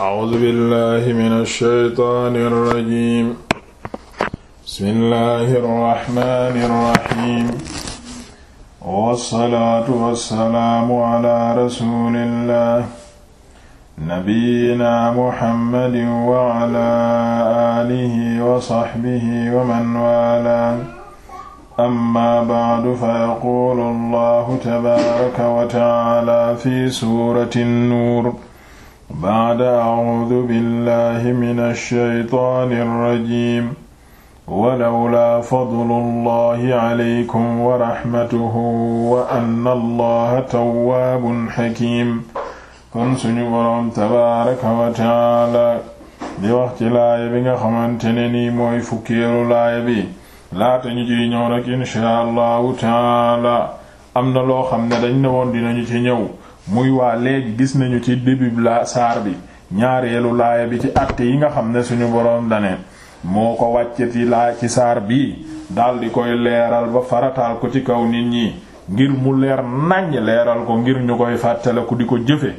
A'uuzu billaahi mina shaytaani rajiim. Bismillaahi rahmaani rahiim. Wassalaatu wassalaamu alaa rasuulillaah. Nabiyyinaa Muhammadin wa alaa aalihi wa sahbihi wa man waalaa. Ammaa ba'du fayaquulu Allaahu tabaaraka wa ta'aalaa fi suurati Nuur. ba'da a'uudu billahi mina shaytaani rajiim walawlaa fadlullahi alaykum wa rahmatuhu wa anna allaha tawwaabun hakiim kon suñu boroom tabaaraka wa taala di wax ci laaya bi nga xamante ne nii mooy fukkeelu laaya bi laata ñu ciy ñëw rek inshaa allahu taala am na loo xam ne dañ ne woon dinañu ci ñëw muy waa léegi gis nañu ci début la saar bi ñaareelu laaya bi ci àtte yi nga xam ne suñu borom dane moo ko wàccati laa ci saar bi daldi koy leeral ba faratal ko ci kaw nit ñi ngir mu leer naññ leeral ko ngir ñu koy fàttaliku di ko jëfe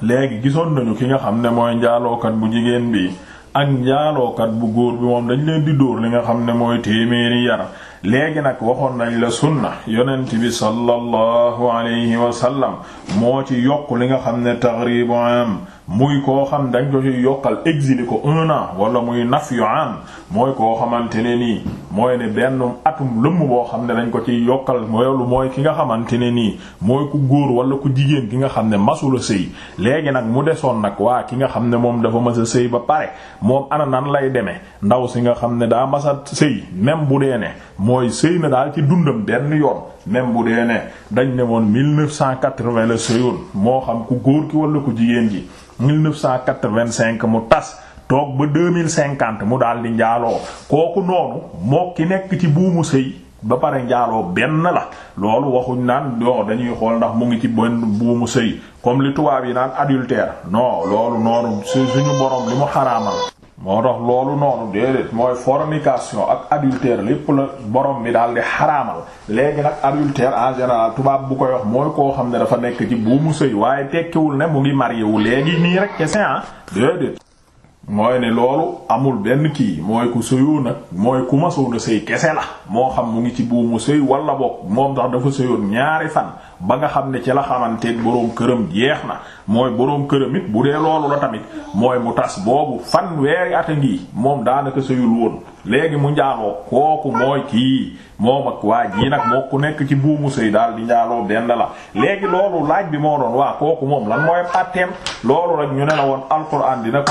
léegi gisoon nañu ki nga xam ne mooy njaalookat bu jigéen bi ak njaalookat bu góor bi moom dañ leen di dóor li nga xam ne mooy téeméeri yar léegi nag waxoon nañ la sunna yonent bi sallallahu alayhi wa sallam moo ci yokk li nga xam ne taxribu am muy koo xam dañ ko ci yokkal exilé ko un an wala muy naf yu am mooy koo xamante ne nii mooy ne benn atum lëmm boo xam ne dañ ko ci yokkal loolu mooy ki nga xamante ne nii mooy ku góor wala ku jigéen ki nga xam ne masula sëy léegi nag mu desoon nag waa ki nga xam ne moom dafa mas a sëy ba pare moom ana lay demee ndaw si nga xam ne daa mas a sëy même bu dee ne mooy sëy na daal ci dundam benn yoon même bu dee ne dañ ne moon mille neuf cent quatre-vingt la sëyoon moo xam ku góor ki wala ku jigéen ji mille neuf cent quatre-vingt-cinq mu tas toog ba deux mille cinquante mu daal di njaaloo kooku noonu moo ki nekk ci buumu sëy ba pare njaaloo benn la loolu waxuñ naan non dañuy xool ndax mu ngi ci benn buumu sëy comme li tubaab yi naan adultère non loolu noonu suñu borom li mu xaraamal moo tax loolu noonu déedéet mooy fornication ak adultère lépp la borom bi daal di xaraamal léegi nag adultère en tubaab bu koy wax mooy koo xam ne dafa nekk ci buumu sëy waaye tekkiwul ne mu ngi marié wu léegi nii rek kese ah déedéet mooy ne loolu amul benn kii mooy ku sëyoo nag mooy ku ma soon a sëy kese la moo xam mu ngi ci buumu sëy walla boog moom tax dafa sëyoon ñaari fan ba nga xam ne ci la xamanteeg boroom këram jeex na mooy boroom këram it bu dee loolu la tamit mooy mu tas boobu fan weeri at a ngi moom daanaka sëyul woon léegi mu njaaloo kooku mooy kii moom ak waa jii nag moo ku nekk ci buumu sëy daal di njaaloo benn la léegi loolu laaj bi moo doon waa kooku moom lan mooy àtteem loolu rek ñu ne la woon alxuraan dina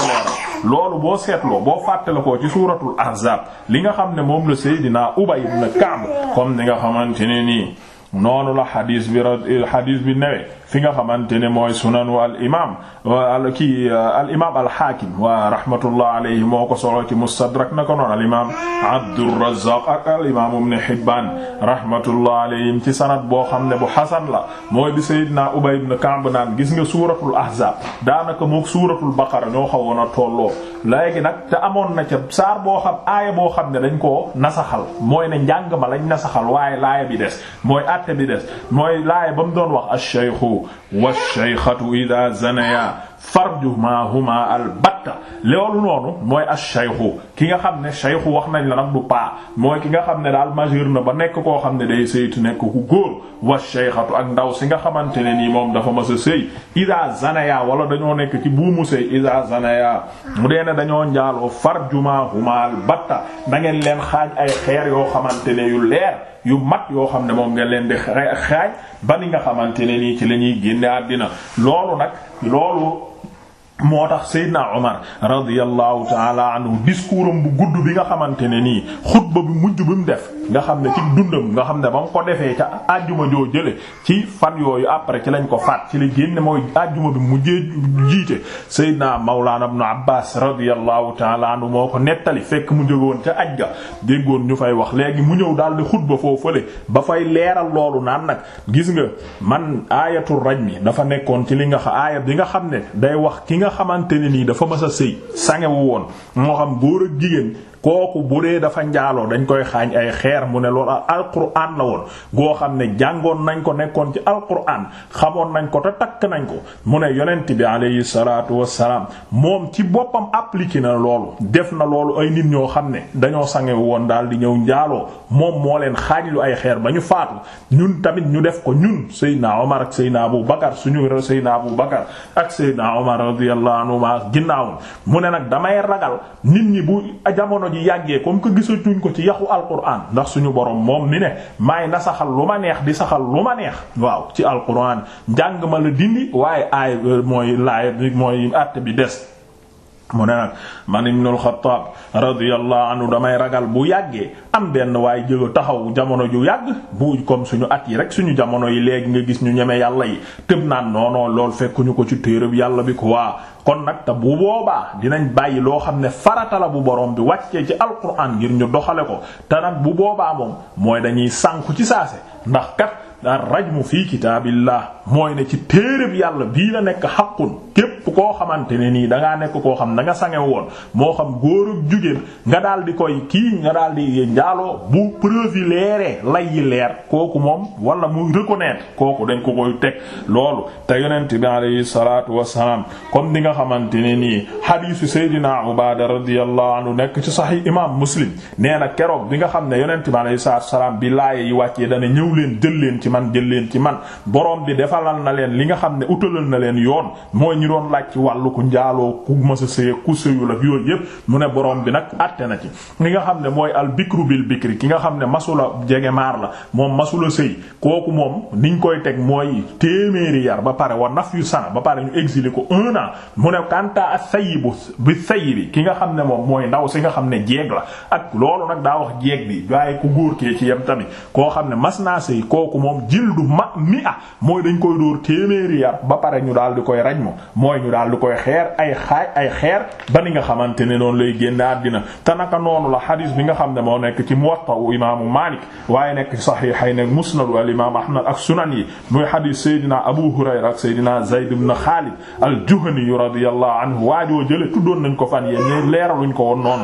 loolu boo seetloo boo ko ci suuratul ahzaab li nga xam ne moom la Seydina Ubay ibn Ka'b comme ni nga xamante ne nii noonu la xadiis bi ra bi newee fi nga xamante ne mooy sunanu al imaam al kii al imaam al xaakim wa rahmatullah alayhi moo ko solo ci mustadrak na ko noon al imaam Abdurrazzaq ak al imaam ibn Hibbaan rahmatullah alayhim ci sanad boo xam ne bu xasan la mooy bi Seydina Ubay ibn Ka'b naan gis nga suuratul ahzaab daanaka moog suuratul baqara ñoo xawoon a tolloo léegi nag te amoon na ca saar boo xam aaya boo xam ne dañ koo nasaxal mooy ne njàng ma lañ nasaxal waaye laaya bi des mooy àtte bi des mooy laaya ba mu doon wax ash-shaykhu wa shaykhatu idha zanaya tarjumaahuma albatta loolu noonu mooy ash-shaykhu ki nga xam ne shaykhu wax nañ la nag du paa mooy ki nga xam ne daal majeur na ba nekk koo xam ne day saytu nekk ku góor wa shaykhatu ak ndaw si nga xamante ne nii moom dafa mas a sëy iza zanaya wala dañoo nekk ci buumu sëy iza zanaya mu dee ne dañoo njaaloo farjumaahuma albatta na ngeen leen xaañ ay xeer yoo xamante ne yu leer yu mat yoo xam ne moom ngeen leen di xaañ ba ni nga xamante ne nii ci la ñuy génne moo tax Seydina Omar radiyallahu taala anhu discours am bu gudd bi nga xamante ne nii xutba bi mujj bi mu def nga xam ne ci dundam nga xam ne ba mu ko defee ca àjjuma joo jële ci fan yooyu après ci lañ ko faat ci la génne mooy àjjuma bi mujjee jiite Seydina Mawlana Ibn Abbas radiyallahu taala anhu moo ko nettali fekk mu jógoon ca aj ga déggoon ñu fay wax léegi mu ñëw daal di xutba foofale ba fay leeral loolu naan nag gis nga man aayatul rajmi dafa nekkoon ci li nga aaya bi nga xam ne day wax ki nga xamante ne nii dafa mas a sëy sangewu woon moo xam góor ak jigéen kooku bu dee dafa njaaloo dañ koy xaañ ay xeer mu ne loolu alquran la woon goo xam ne jàngoon nañ ko nekkoon ci alquran xamoon nañ ko te takk nañ ko mu ne yonent bi alayhi salaatu wassalaam moom ci boppam appliqué na loolu def na loolu ay nit ñoo xam ne dañoo sangewu woon daal di ñëw njaaloo moom moo leen xaañ lu ay xeer ba ñu faatu ñun tamit ñu def ko ñun Seydina Omar ak naa Abu Bakar suñu Seydina Abu Bakar ak Seydina Omar radiyallahu anhuma ji yàggee comme que gisatuñ ko ci yaxu alquran ndax suñu borom moom ni ne maay na saxal lu ma neex di saxal lu ma neex waaw ci alquran njàng ma la dindi waaye aay mooy laay mooy àtte bi des. mu ne nag man ibnul Xattaab radiyallahu anhu damay ragal bu yàggee am benn waaye jëga taxawu jamono ju yàgg bu comme suñu at yi rek suñu jamono yi léegi nga gis ñu ñeme yàlla yi tëb naan noonoo lool fekkuñu ko ci téereb yàlla bi waa kon nag te bu boobaa dinañ bàyyi loo xam ne farata bu boroom bi wàccee ci alquran ngir ñu doxale ko te bu boobaa moom mooy dañuy sànku ci saase ndax kat ar rajmu fii kitaabillah mooy ne ci téereb yàlla bii nekk xaqun képp koo xamante ne nii da nekk koo xam na nga sange woon moo xam góor ak jigéen nga daal di koy kii nga daal di njaaloo bu preuve yi leeree lay yi leer kooku moom wala muy reconnaître kooku dañ ko koy teg loolu te yonent bi alayhi salaatu wassalaam comme ni nga xamante ne nii hadiisu Seydina Ubaada radiyallahu anhu nekk ci Sahih imaam Muslim nee na keroog bi nga xam ne yonent bi alayhi salaatu wassalaam bi laaye yi wàccee dana ñëw leen jël leen ci man jël leen ci man borom bi defalal na leen li nga xam ne utalal na leen yoon laaj ci wàllu ku njaaloo ku masa sëye ku sëyul ak yooyu yëpp mu ne borom bi nag atte na ci ki nga xam ne mooy al bikru bil bikri ki nga xam ne masula jege maar la moom masula sëy kooku moom niñ koy teg mooy téeméeri yar ba pare wa naf yu sana ba pare ñu exilé ko un an mu ne kanta ak sayibu bi ki nga xam ne moom mooy ndaw si nga xam ne jeeg la ak loolu nag daa wax jeeg bi waaye ku góor kee ci yem tamit koo xam ne mas naa sëy kooku moom jildu ma mi a mooy dañ koy dóor téeméeri yar ba pare ñu daal koy raj mo ñu daal di koy xeer ay xaaj ay xeer ba ni nga xamante ne noonu lay génn àddina te naka noonu la xadiis bi nga xam ne moo nekk ci Muwatta imaamu Maalik waaye nekk saxiixay nekk Musnadu al imaam Ahmad ak sunan yi muy xadiis Seydina Abu Hurayra ak Seydina Zayd ibn Xaalid al-Juhani radiyallahu anhu waajoo jële tuddoon nañ ko fan yéen leeraluñ ko woon noonu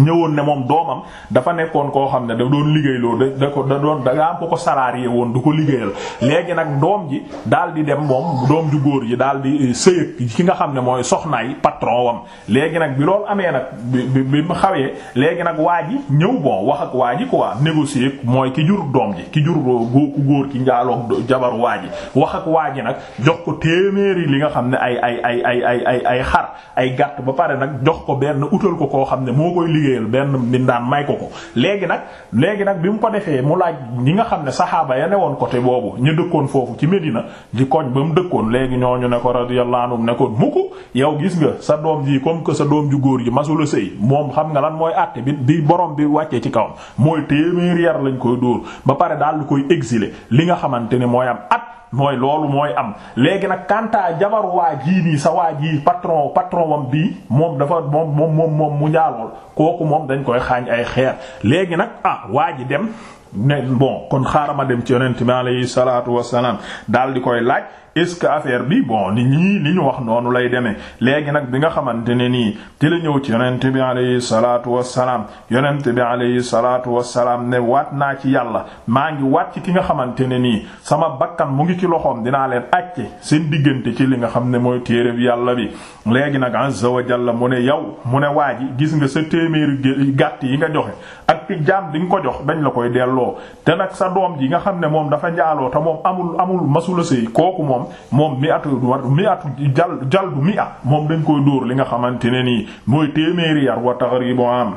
ñëwoon ne moom doomam dafa nekkoon koo xam ne da doon liggéey loolu da ko da doon da am ko ko salarié woon du ko liggéeyal léegi nag doom ji daal di dem moom doom ju góor ji daal di eh, sëyëg ki nga xam ne mooy soxnaay patron wam léegi nag bi amee nag bi bi xawee léegi nag waa ji ñëw bon wax ak waa ji quoi négocier mooy ki jur doom ji ki jur góoku góor ki njaaloog jabar waa ji wax ak waa ji nag jox ko téeméeri li nga xam ne ay ay ay ay ay ay ay xar ay gàtt ba pare nag jox ko benn utal ko koo xam ne moo ko koy liggéeyal benn mbindaan may ko ko léegi nag léegi nag bi mu ko defee mu laaj ñi nga xam ne saxaaba ya newoon côté boobu ñu dëkkoon foofu ci Medina di koñ ba mu dëkkoon léegi ñoo ñu ne ko radiyallahu anhum ne ko mukk yow gis nga sa doom ji comme que sa doom ju góor ji masula sëy moom xam nga lan mooy àtte bi boroom bi wàccee ci kaw mooy téeméer yar lañ koy dóor ba pare daal lu koy exiler li nga xamante ne mooy am at mooy loolu mooy am léegi nag kantaa jabar waa jii nii sa waa jii patron patron wam bii moom dafa moom moom moom mu njaalool kooku moom dañ koy xaañ ay xeer léegi nag ah waa ji dem ne bon kon xaaral ma dem ci yonent bi alayhi salaatu wassalaam daal di koy laaj est-ce que affaire bi bon li ñi li ñu wax noonu lay demee léegi nag bi nga xamante ne nii te la ñëw ci yonent bi alayhi salaatu wassalaam yonent bi alayhi salaatu wassalaam ne waat naa ci yàlla maa ngi waat ci ki nga xamante ne nii sama bakkan mu ngi ci loxoom dinaa leen àcce seen diggante ci li nga xam ne mooy téere bi yàlla bi léegi nag azza jalla mu ne yow mu ne waa ji gis nga sa téeméeri gàtt yi nga joxe ak jaam li nga ko jox dañ la koy delloo te nag sa doom ji nga xam ne moom dafa njaaloo te moom amul amul masula sëy kooku moom moom mi at war mi atu jal jal du mi at moom dañ koy dóor li nga xamante ne nii mooy téeméeri yar wa taxribu am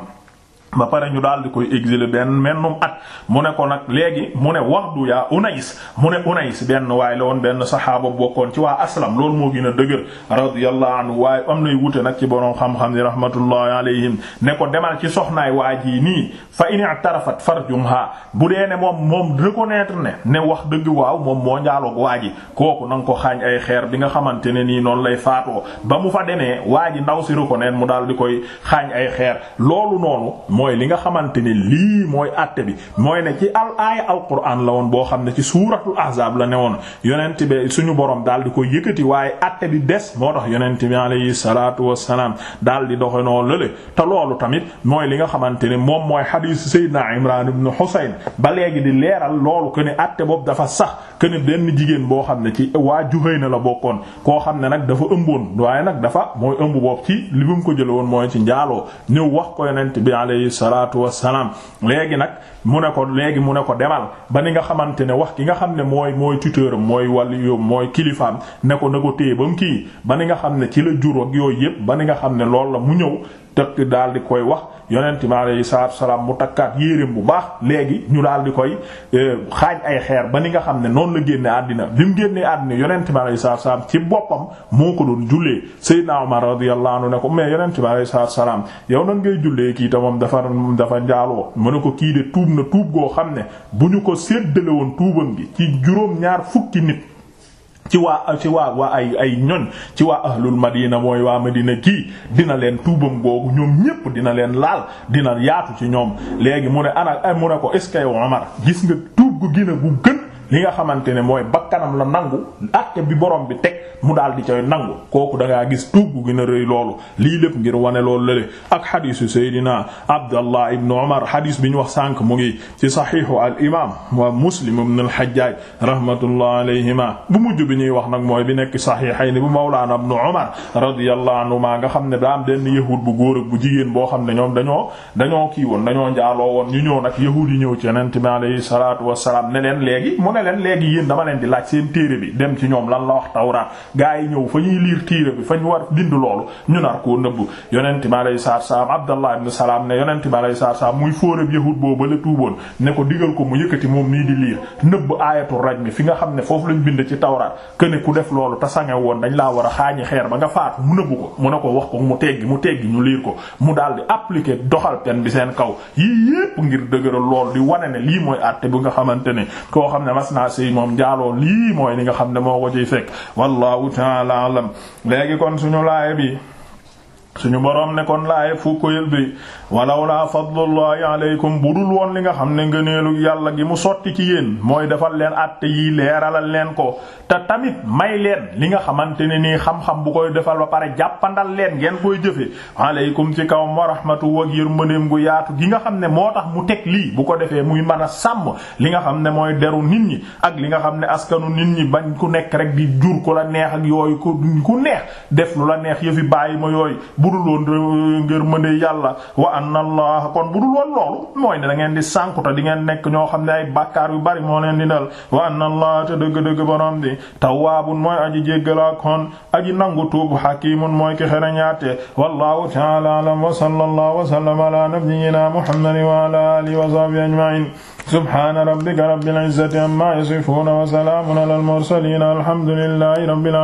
ba pare ñu daal di koy exiler benn mennum at mu ne ko nag léegi mu ne wax du yaa Unays mu ne Unays benn waaye la woon benn saxaaba bokkoon ci waa aslam lool moo gën a dëgër radiyallahu anhu waaye am nay wute nag ci borom xam-xam ni rahmatullahi alayhim ne ko demal ci soxnaay waa ji nii fa in i'tarafat farjumha bu dee ne moom moom reconnaître ne ne wax dëgg waaw moom moo njaaloog waa ji kooku na nga ko xaañ ay xeer bi nga xamante ne nii noonu lay faatoo ba mu fa demee waa ji ndaw si reconnaître mu daal di koy xaañ ay xeer loolu noonu mooy li nga xamante ne lii mooy àtte bi mooy ne ci al aaya alquran la woon boo xam ne ci suuratul ahzaab la ne woon yonent bi suñu borom daal di ko yëkkati waaye àtte bi des moo tax yonent bi alayhi salaatu wassalaam daal di doxe noo lële te loolu tamit mooy li nga xamante ne moom mooy xadiis Seydina Imraan ibn Husayn ba léegi di leeral loolu que ne àtte boobu dafa sax que ne benn jigéen boo xam ne ci waa Juhayna la bokkoon koo xam ne nag dafa ëmboon waaye nag salaatu wassalaam léegi nag mu ne ko léegi mu ne ko demal ba ni nga xamante ne wax ki nga xam ne mooy mooy tuteur mooy waliyu mooy kilifaam ne ko na ko téye ba mu kii ba ni nga xam ne ci la jur ak yooyu yépp ba ni nga xam ne loolu la mu ñëw takk daal di koy wax yonent mi alayhi salaatu salaam mu takkaat yéreem bu baax léegi ñu daal di koy eh, xaaj ay xeer ba ni nga xam ne noonu la génne àddina bi mu génnee àddina yonent mi alayhi salaatu salaam ci boppam moo ko doon jullee Seydina Umar radiyallahu anhu ne ko mais yonent mi alayhi salaatu salaam yow nan ngay jullee kii te moom dafa moom dafa njaaloo mu ne ko kii de tuub na tuub goo xam ne bu ñu ko séddale woon tuubam gi ci juróom ñaar fukki nit ci waa ci waa waa ay ay ñoñ ci waa ahlul madina mooy waa ma madina kii dina leen tuubam googu ñoom ñépp dina leen laal dina yaatu ci ñoom léegi mu ne ana mu ne ko est-ce que yow gis nga tuub gu gën gu gën li nga xamante ne mooy bakkanam la nangu àtte bi borom bi teg mu daal di cay nangu kooku da ngaa gis tuub gu gën a rëy loolu lii lépp ngir wane loolu lële ak xadiisu Seydina Abdallah ibn Umar xadiis bi ñu wax sànq mu ngi ci saxiixu al imaam wa Muslim ibn al Hajjaaj rahmatullah alayhima bu mujj bi ñuy wax nag mooy bi nekk saxiixayni bu Mawlaana ibn Umar radiyallahu ma nga xam ne daa am benn yahuud bu góor ak bu jigéen boo xam ne ñoom dañoo dañoo kii woon dañoo njaaloo woon ñu ñëw nag yahuud yi ñëw ci Yonent bi alayhi ne leen léegi mu ne leen léegi yéen dama laaj seen téere bi dem ci ñoom lan la wax tawraat gaa yi ñëw fa ñuy liir téere bi ñu war bind loolu ñu nar koo nëbbu yonent mi alayhi salaatu salaam Abdallah ibn Salaam ne yonent mi alayhi salaatu salaam muy fóorab yahud boobu la tuuboon ne ko digal ko mu yëkkati moom nii di liir nëbb fi nga xam ne foofu lañ bind ci tawraat këne ku def loolu te sange woon dañ laa war a xaañi xeer ba nga faatu mu nëbbu ko mu ne ko wax ko mu teggi mu teggi ñu liir ko mu daal di appliquer doxal pen bi seen kaw yii yépp ngir dëgëral lool di wane ne lii mooy àtte bu nga xamante ne koo xam ne mas naa sëy moom lii mooy li nga xam ne moo ko ciy fekk wallahu ta'ala alam léegi kon suñu laay bi suñu boroom ne kon laay fu koyel bi walawlaa fadlullahi aleykum bu dul woon li nga xam ne ngëneelu yàlla gi mu sotti ci yéen mooy defal leen àtte yi leeralal leen ko te tamit may leen li nga xamante ne nii xam bu koy defal pare jàppandal leen ngeen koy jëfe aleykum ci kawam wa rahmatu wa yërmandeem gu yaatu gi nga xam ne moo tax mu teg lii bu ko defee muy mën a sàmm li nga xam ne mooy deru nit ñi ak li nga xam ne askanu nit ñi bañ ku nekk rek di jur ko la neex ak yooyu ko ku neex def lu la neex yëfi bàyyi ma yooyu bu dul woon ngir mëne yàlla wa anna allah kon bu dul woon loolu mooy ne da ngeen di sànkuta di ngeen nekk ñoo xam ne ay bàkkaar yu bari moo leen di dal wa anna allah te dëgg-dëgg borom bi tawwaabun mooy aji jéggalaa kon aji nangu tuub hakiimun mooy ki xereñaate wallahu ta'ala a'lam wa sallallahu wa sallama ala nabiyyina muhammadin wa ala alihi wa sahbihi ajma'in subhana rabbika rabbil izzati amma yasifun wa salamun ala al mursalin alhamdulillahi rabbil